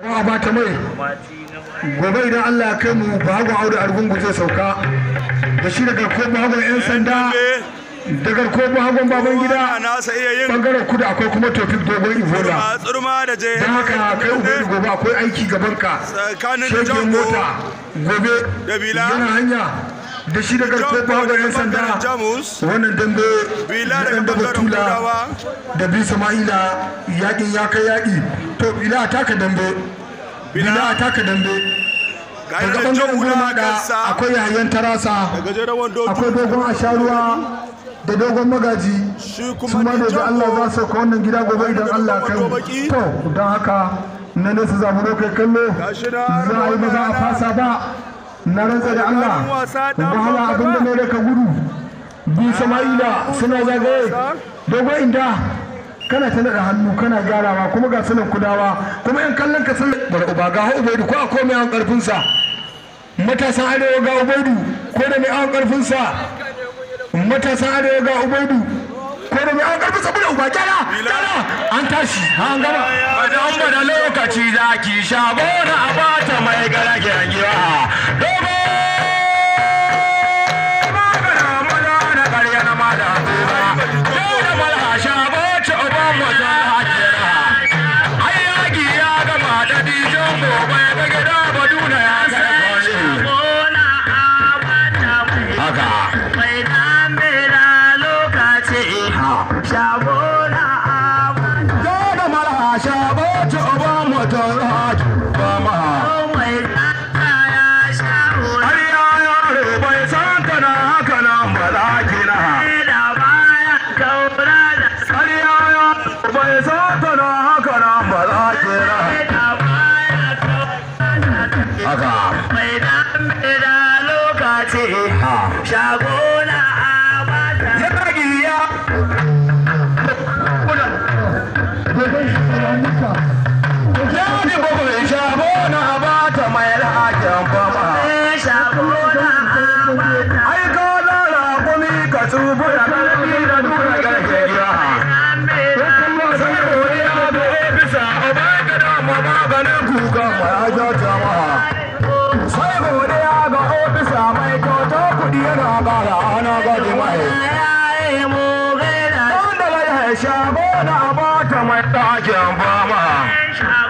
a ba ta mai gobe idan allah kai mu bahagon audu argungu zai sauka da shi daga ko bahagon yan sanda daga ko bahagon baban gida bangaren kudu akwai kuma tofik dogon ivola don haka kai ubangiji gobe akwai aiki gaban ka shegen mota gobe yana hanya da shi da garkuwar bawa yan sanda wannan dambe bila da dambe batula da bi sama'ila yakin ya kai yaki to bila taka dambe bila taka dambe daga bangaren goma da akwai yayan tarasa akwai dogon asharuwa da dogon magaji su ma da Allah za su ka wannan gida gobe idan Allah kai to don haka na nesa zamu kai kallo za a yi maza a fasa ba na rantsa da Allah hawa abin da mai daga gudu bi sama'ila suna zagaye dogon inda kana ta da hannu kana gyarawa kuma ga sanin kudawa kuma yan kallon ka sun bar uba ga ubaidu ko a komai an sa matasan arewa ga ubaidu ko da mai an sa matasan arewa ga ubaidu ko da mai an sa bude uba gyara gyara an tashi an gama ba da lokaci za ki sha bona a bata mai gara gidan giwa adore ja jama'a sai godiya ga ofisa mai kyauta kuɗi yana bara ana gwaji mai wanda lai shago na abata mai ɗakin fama sai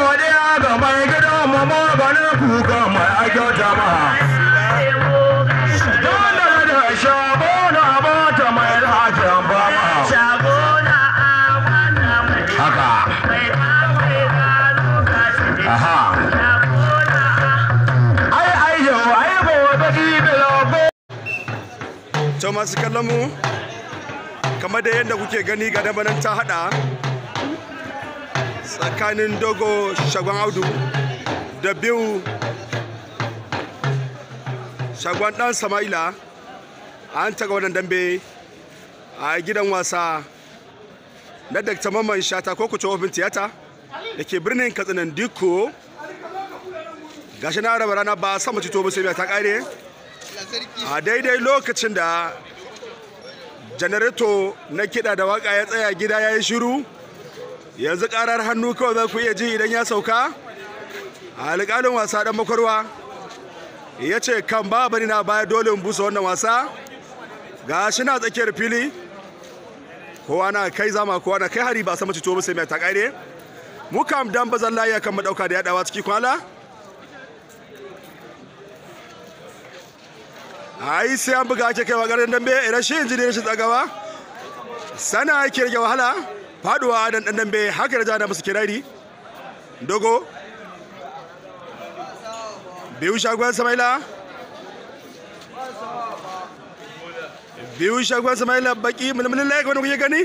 godiya ga mai gidan mu maganin kuka mai ajiyar jama'a masu kallon mu kamar da yadda kuke gani ga dabanan ta hada tsakanin dogo shagon audu da biyu shagon dan sama'ila an taga wannan dambe a gidan wasa na dr mamman shata ko kucin ofin tiyata da ke birnin katsinan diko gashi na rana ba sama cito ba sai ta kare a daidai lokacin da janareto na kiɗa da waka ya tsaya gida ya yi shiru yanzu karar hannu kawai za ku iya ji idan ya sauka A alƙalin wasa dan makwarwa ya ce kan ba bari na baya dole busa wannan wasa ga shi na tsakiyar fili kowa na kai zama kowa na kai hari ba sama cito ba sai mai takare mu kam dan bazan layi kan mu ɗauka da yadawa ciki kwala ai sai an buga ake kaiwa garin dambe eh, rashin shi rashin tsagawa sana yake rage wahala faduwa dan dan dambe haka da jana musu kirari dogo biyu shagon samaila biyu shagon samaila baki mulmulin layak wani kuke gani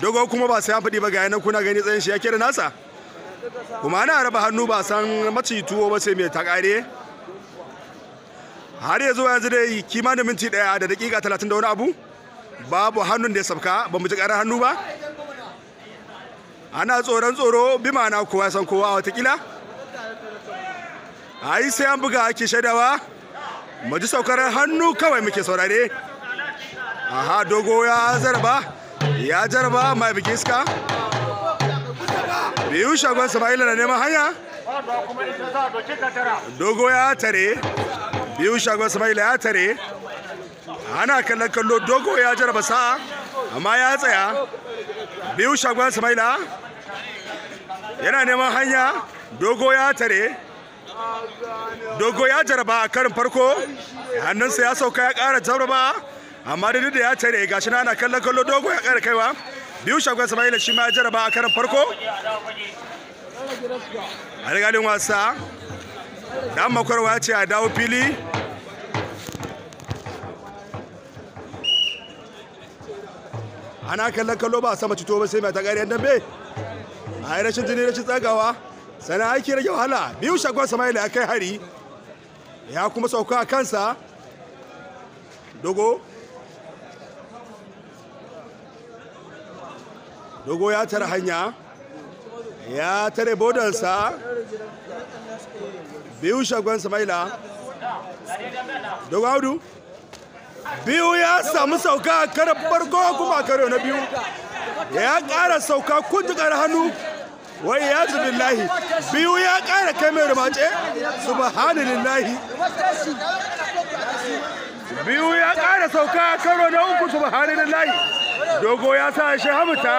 dogo kuma ba sai an faɗi ba ga yanar kuna gani tsayin shi ya da nasa kuma ana raba hannu ba san maci tuwo ba sai mai takare har ya zuwa yanzu dai kimanin minti daya da dakika talatin da wani abu babu hannun da ya sabka ba mu ji karar hannu ba ana tsoron tsoro bi ma'ana kowa san kowa a watakila A sai an buga ake shaidawa mu ji saukar hannu kawai muke saurare aha dogo ya zarba ya jarba mai bikin iska biyu shagon sama'ila na neman hanya dogo ya tare biyu shagon samaila ya tare ana kallon kallo dogo ya jaraba sa amma ya tsaya biyu shagon samaila yana neman hanya dogo ya tare dogo ya jaraba a karin farko hannunsa ya sauka ya kara jarba amma da da ya tare gashi na ana kallon kallo dogo ya kara kaiwa biyu shagon samaila shi ma ya jaraba a karin farko alƙalin wasa dan makwarwa ce a dawo fili ana kallon kallo ba a sama cito ba sai mai ta dambe a yi rashin jini rashin tsagawa sana aiki rage wahala biyu shagon samaila ya kai hari ya kuma sauka a kansa dogo dogo ya tare hanya ya tare bodansa biyu shagon samaila dogo audu biyu ya samu sauka a karar farko kuma a karo na biyu ya kara sauka kuntukar hannu wai ya zubi lahi biyu ya kara kai mai rumace hannun lahi biyu ya kara sauka a karo na uku hannun lahi dogo ya sa shi hamuta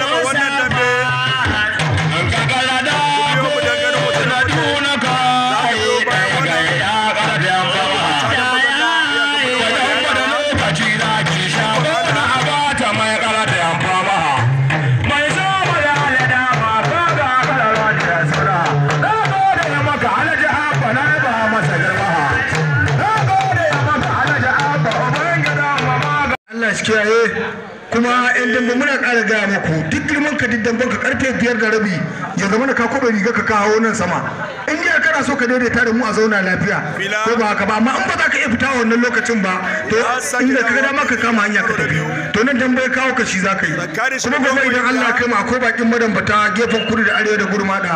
Allah kuma yan dambe muna ƙara gaya muku duk girman ka duk ka karfe biyar da rabi ya zama na ka kobe riga ka kawo nan sama in ya kana so ka daidaita da mu a zauna lafiya ko ba haka ba amma in ba za ka iya fita wannan lokacin ba to in da ka dama ka kama hanya ka tafi to nan dambe kawo ka shi za ka yi kuma gobe idan Allah kai mu akwai bakin madambata gefen kudu da arewa da gurmada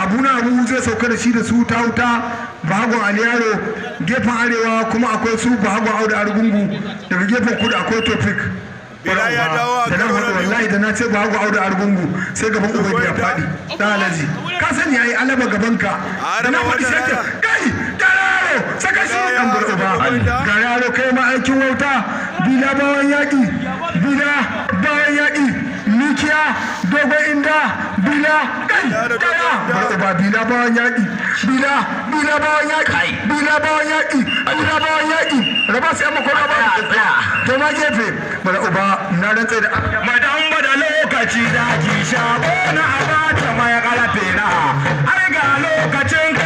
abuna abu zai sauka da shi da su ta wuta bahagon aliyaro gefen arewa kuma akwai su bahagon audu argungu daga gefen kudu akwai tofik da na faɗi wallahi da na ce ba audu argungu sai gaban ubangi ya faɗi da alaji ka sani yayi alaba gaban ka da na faɗi sai kai gararo saka shi dan bura uba gararo kai ma aikin wauta bila bawan yaƙi bila bawan yaƙi mikiya dogon inda bila kai ba bila bawan yaƙi bila bila bawan yaƙi bila bawan yaƙi bila bawan yaƙi raba sai amma kuma ba to ma gefe bala uba na rantsa da madan ba lokaci da ki sha na abata mai kalafe na ai ga lokacin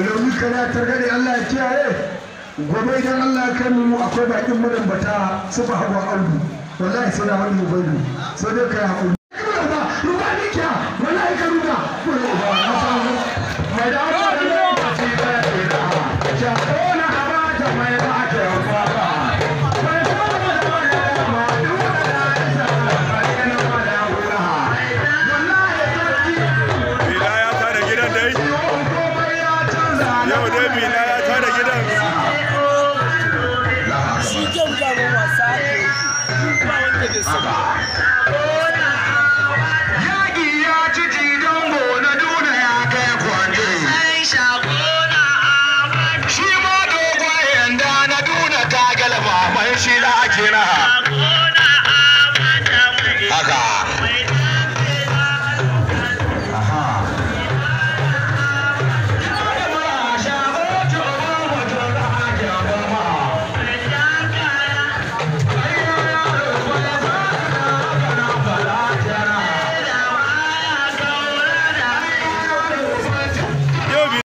raunuka na targaɗe Allah ya kiyaye gobe idan Allah ya kai mu akwai bakin mu bata su ba hawa audu wallahi sai na hannu bai sai dai kai